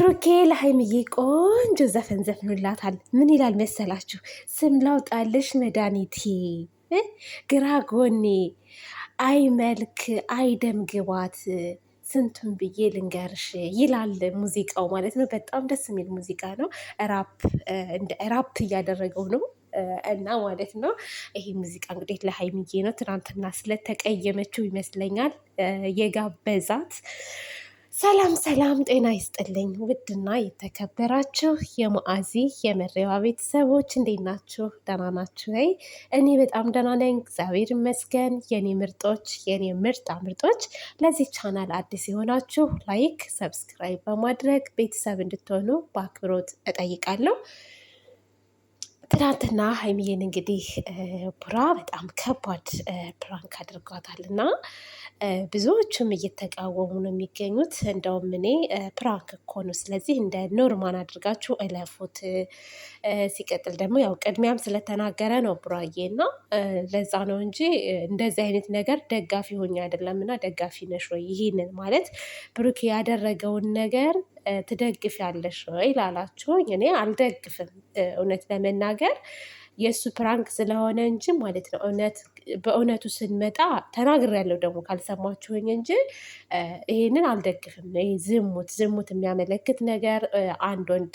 ብሩኬ ለሀይምዬ ቆንጆ ዘፈን ዘፍኖላታል። ምን ይላል መሰላችሁ? ስም ላውጣልሽ መድኃኒቴ፣ ግራ ጎኔ፣ አይ መልክ፣ አይ ደም ግባት፣ ስንቱን ብዬ ልንገርሽ ይላል ሙዚቃው ማለት ነው። በጣም ደስ የሚል ሙዚቃ ነው። ራፕ እያደረገው ነው እና ማለት ነው ይሄ ሙዚቃ እንግዲህ ለሀይምዬ ነው። ትናንትና ስለተቀየመችው ይመስለኛል የጋበዛት ሰላም ሰላም፣ ጤና ይስጥልኝ ውድና የተከበራችሁ የማአዚ የመሬዋ ቤተሰቦች እንዴት ናችሁ? ደህና ናችሁ ወይ? እኔ በጣም ደህና ነኝ፣ እግዚአብሔር ይመስገን። የኔ ምርጦች፣ የኔ ምርጣ ምርጦች፣ ለዚህ ቻናል አዲስ የሆናችሁ ላይክ፣ ሰብስክራይብ በማድረግ ቤተሰብ እንድትሆኑ በአክብሮት እጠይቃለሁ። ትናንትና ሀይሚዬን እንግዲህ ቡራ በጣም ከባድ ፕራንክ አድርጓታል እና ብዙዎቹም እየተቃወሙ ነው የሚገኙት። እንደውም እኔ ፕራንክ እኮ ነው፣ ስለዚህ እንደ ኖርማን አድርጋችሁ እለፉት። ሲቀጥል ደግሞ ያው ቅድሚያም ስለተናገረ ነው ቡራዬ እና ለዛ ነው እንጂ እንደዚህ አይነት ነገር ደጋፊ ሆኜ አይደለም እና ደጋፊ ነሽ ወይ ይህንን ማለት ብሩክ ያደረገውን ነገር ትደግፍ ያለሽ ወይ ላላችሁ እኔ አልደግፍም። እውነት ለመናገር የእሱ ፕራንክ ስለሆነ እንጂ ማለት ነው። እውነት በእውነቱ ስንመጣ ያለው ደግሞ ካልሰማችሁኝ እንጂ ይህንን አልደግፍም። ይሄ ዝሙት ዝሙት የሚያመለክት ነገር አንድ ወንድ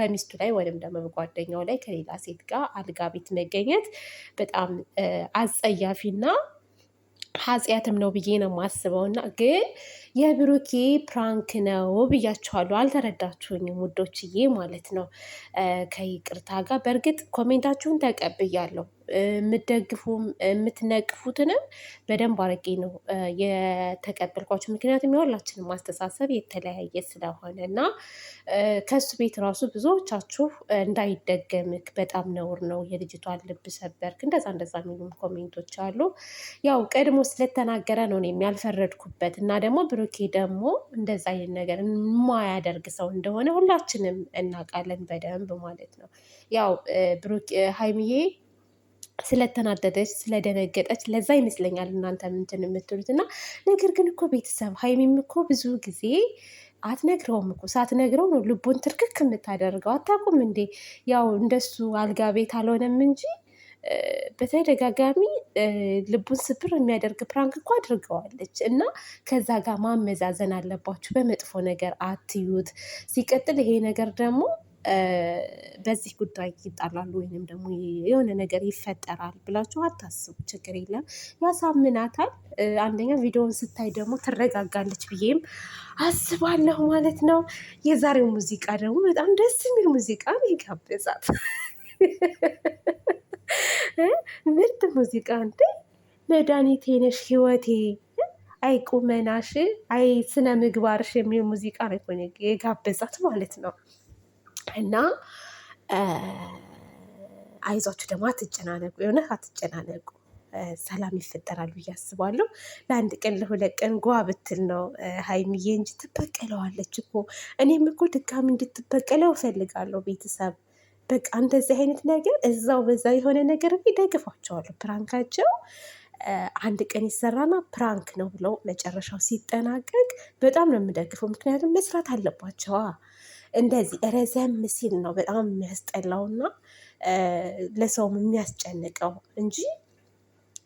በሚስቱ ላይ ወይም ደግሞ በጓደኛው ላይ ከሌላ ሴት ጋር አልጋ ቤት መገኘት በጣም አጸያፊና ኃጢአትም ነው ብዬ ነው የማስበው። እና ግን የብሩኬ ፕራንክ ነው ብያችኋለሁ። አልተረዳችሁኝም ውዶችዬ ማለት ነው። ከይቅርታ ጋር በእርግጥ ኮሜንታችሁን ተቀብያለሁ። የምትደግፉም የምትነቅፉትንም በደንብ አድርጌ ነው የተቀበልኳቸው። ምክንያቱም የሁላችንም ማስተሳሰብ የተለያየ ስለሆነ እና ከሱ ቤት ራሱ ብዙዎቻችሁ እንዳይደገምክ በጣም ነውር ነው የልጅቷን ልብ ሰበርክ እንደዛ እንደዛ የሚሉም ኮሜንቶች አሉ። ያው ቀድሞ ስለተናገረ ነው እኔም ያልፈረድኩበት እና ደግሞ ብሩኬ ደግሞ እንደዛ አይነት ነገር የማያደርግ ሰው እንደሆነ ሁላችንም እናውቃለን በደንብ ማለት ነው። ያው ብሩኬ ሀይሚዬ ስለተናደደች ስለደነገጠች ለዛ ይመስለኛል እናንተ ምንትን የምትሉት እና ነገር ግን እኮ ቤተሰብ ሀይሚም እኮ ብዙ ጊዜ አትነግረውም እኮ ሳትነግረው ነው ልቡን ትርክክ የምታደርገው። አታውቁም እንዴ? ያው እንደሱ አልጋ ቤት አልሆነም እንጂ በተደጋጋሚ ልቡን ስብር የሚያደርግ ፕራንክ እኮ አድርገዋለች እና ከዛ ጋር ማመዛዘን አለባችሁ። በመጥፎ ነገር አትዩት። ሲቀጥል ይሄ ነገር ደግሞ በዚህ ጉዳይ ይጣላሉ ወይንም ደግሞ የሆነ ነገር ይፈጠራል ብላችሁ አታስቡ። ችግር የለም፣ ያሳምናታል። አንደኛ ቪዲዮውን ስታይ ደግሞ ትረጋጋለች ብዬም አስባለሁ ማለት ነው። የዛሬው ሙዚቃ ደግሞ በጣም ደስ የሚል ሙዚቃ ነው የጋበዛት። ምርጥ ሙዚቃ እንዴ! መድኃኒቴ ነሽ ህይወቴ አይ ቁመናሽ፣ አይ ስነ ምግባርሽ የሚል ሙዚቃ ነው የጋበዛት ማለት ነው። እና አይዟችሁ ደግሞ አትጨናነቁ፣ የሆነ አትጨናነቁ። ሰላም ይፈጠራል ብዬ አስባለሁ። ለአንድ ቀን ለሁለት ቀን ጓ ብትል ነው ሀይሚዬ እንጂ ትበቀለዋለች እኮ። እኔም እኮ ድጋሚ እንድትበቀለው እፈልጋለሁ። ቤተሰብ በቃ እንደዚህ አይነት ነገር እዛው በዛ የሆነ ነገር ደግፋቸዋለሁ። ፕራንካቸው አንድ ቀን ይሰራና ፕራንክ ነው ብለው መጨረሻው ሲጠናቀቅ በጣም ነው የምደግፈው። ምክንያቱም መስራት አለባቸዋ። እንደዚህ ረዘም ሲል ነው በጣም የሚያስጠላውና ለሰውም የሚያስጨንቀው እንጂ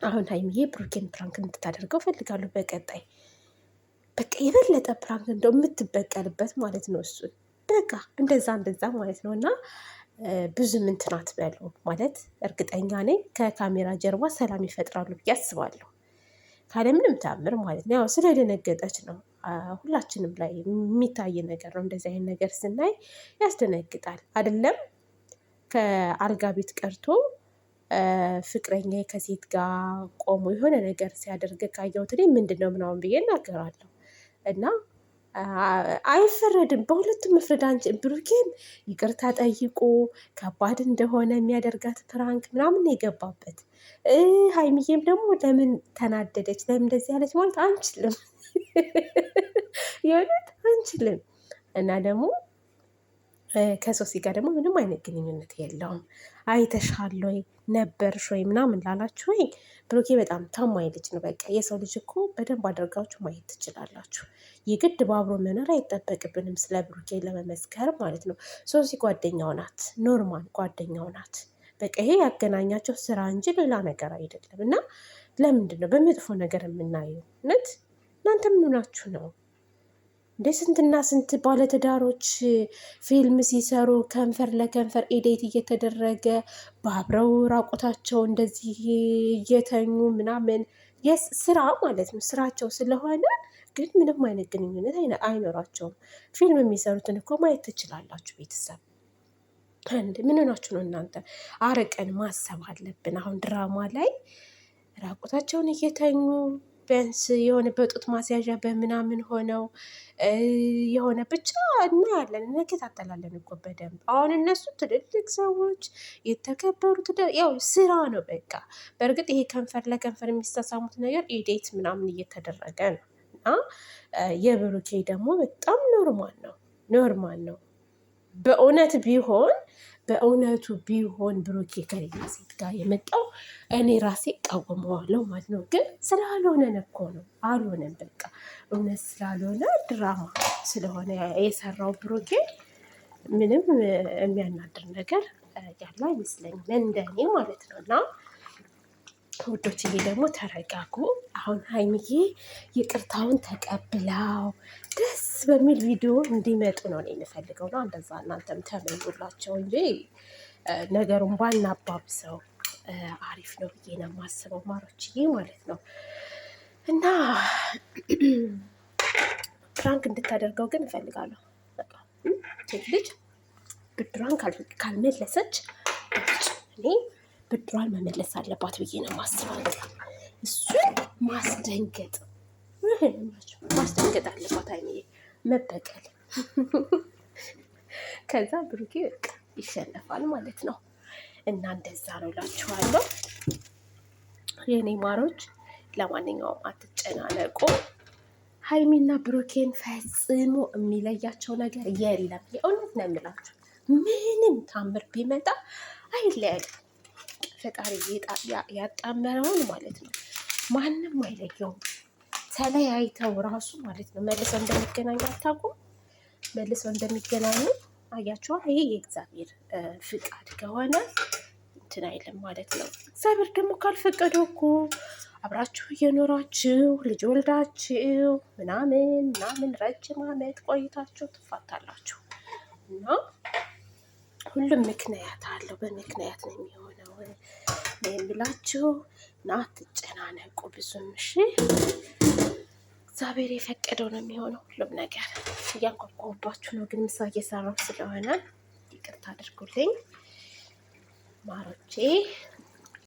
አሁን ሀይሚዬ ብሩኬን ፕራንክ እንድታደርገው ፈልጋሉ። በቀጣይ በቃ የበለጠ ፕራንክ እንደው የምትበቀልበት ማለት ነው። እሱን በቃ እንደዛ እንደዛ ማለት ነው እና ብዙ ምንትናት በሉ ማለት እርግጠኛ ነኝ ከካሜራ ጀርባ ሰላም ይፈጥራሉ ብዬ አስባለሁ። ካለምንም ታምር ማለት ነው። ያው ስለደነገጠች ነው ሁላችንም ላይ የሚታይ ነገር ነው። እንደዚህ አይነት ነገር ስናይ ያስደነግጣል። አይደለም ከአልጋ ቤት ቀርቶ ፍቅረኛ ከሴት ጋር ቆሞ የሆነ ነገር ሲያደርግ ካየሁት እኔ ምንድን ነው ምናምን ብዬ እናገራለሁ እና አይፈረድም። በሁለቱም መፍረድ አንቺ ብሩኬም ይቅርታ ጠይቆ ከባድ እንደሆነ የሚያደርጋት ፕራንክ ምናምን የገባበት ሀይሚዬም ደግሞ ለምን ተናደደች ለምን እንደዚህ ያለች ማለት አንችልም፣ የእውነት አንችልም እና ደግሞ ከሶሲ ጋር ደግሞ ምንም አይነት ግንኙነት የለውም። አይተሻል ወይ ነበርሽ ወይ ምናምን ላላችሁ ወይ ብሩኬ በጣም ታማኝ ልጅ ነው። በቃ የሰው ልጅ እኮ በደንብ አድርጋችሁ ማየት ትችላላችሁ። የግድ በአብሮ መኖር አይጠበቅብንም፣ ስለ ብሩኬ ለመመስከር ማለት ነው። ሶሲ ጓደኛው ናት፣ ኖርማል ጓደኛው ናት። በቃ ይሄ ያገናኛቸው ስራ እንጂ ሌላ ነገር አይደለም። እና ለምንድን ነው በመጥፎ ነገር የምናየው? እውነት እናንተ ምኑ ናችሁ ነው? እንደ ስንትና ስንት ባለትዳሮች ፊልም ሲሰሩ ከንፈር ለከንፈር ኤዴት እየተደረገ በአብረው ራቆታቸው እንደዚህ እየተኙ ምናምን የስ ስራ ማለት ነው ስራቸው ስለሆነ ግን ምንም አይነት ግንኙነት አይኖራቸውም። ፊልም የሚሰሩትን እኮ ማየት ትችላላችሁ ቤተሰብ። አንድ ምን ሆናችሁ ነው እናንተ? አርቀን ማሰብ አለብን። አሁን ድራማ ላይ ራቆታቸውን እየተኙ ቢያንስ የሆነ በጡት ማስያዣ በምናምን ሆነው የሆነ ብቻ እናያለን፣ እንከታተላለን እኮ በደንብ አሁን እነሱ ትልልቅ ሰዎች የተከበሩ ያው ስራ ነው በቃ። በእርግጥ ይሄ ከንፈር ለከንፈር የሚሳሳሙት ነገር ኢዴት ምናምን እየተደረገ ነው እና የብሩኬ ደግሞ በጣም ኖርማል ነው ኖርማል ነው በእውነት ቢሆን በእውነቱ ቢሆን ብሩኬ ከሌላ ሴት ጋር የመጣው እኔ ራሴ እቃወመዋለሁ ማለት ነው። ግን ስላልሆነ እኮ ነው አልሆነም። በቃ እውነት ስላልሆነ ድራማ ስለሆነ የሰራው ብሩኬ ምንም የሚያናድር ነገር ያለ አይመስለኝም፣ እንደኔ ማለት ነው እና ውዶችዬ ደግሞ ተረጋጉ። አሁን ሀይሚዬ ይቅርታውን ተቀብላው ደስ በሚል ቪዲዮ እንዲመጡ ነው እኔ የምፈልገው ነው። እንደዛ እናንተም ተመኙላቸው እንጂ ነገሩን ባናባብሰው አሪፍ ነው ብዬ ነው የማስበው፣ ማሮችዬ ማለት ነው። እና ፕራንክ እንድታደርገው ግን እፈልጋለሁ። ሴት ልጅ ብድሯን ካልመለሰች እኔ ብድሯን መመለስ አለባት ብዬ ነው የማስበው። እሱን ማስደንገጥ ማስደንገጥ አለባት አይኔ መበቀል። ከዛ ብሩኬ በቃ ይሸነፋል ማለት ነው። እና እንደዛ ነው እላችኋለሁ የኔ ማሮች። ለማንኛውም አትጨናነቁ። ሀይሚና ብሩኬን ፈጽሞ የሚለያቸው ነገር የለም። የእውነት ነው የምላችሁ፣ ምንም ታምር ቢመጣ አይለያል። ፈጣሪ ያጣመረውን ማለት ነው ማንም አይለየውም። ተለያይተው ራሱ ማለት ነው መልሰው እንደሚገናኙ አታውቁም። መልሰው እንደሚገናኙ አያቸዋ። ይሄ የእግዚአብሔር ፍቃድ ከሆነ እንትን አይልም ማለት ነው። እግዚአብሔር ደግሞ ካልፈቀደ እኮ አብራችሁ እየኖራችሁ ልጅ ወልዳችሁ ምናምን ምናምን ረጅም ዓመት ቆይታችሁ ትፋታላችሁ እና ሁሉም ምክንያት አለው። በምክንያት ነው የሚሆነው ነው እና ትጨናነቁ ብዙም እሺ። እግዚአብሔር የፈቀደው ነው የሚሆነው ሁሉም ነገር። እያንቋቋባችሁ ነው፣ ግን ምሳ እየሰራሁ ስለሆነ ይቅርታ አድርጉልኝ ማሮቼ።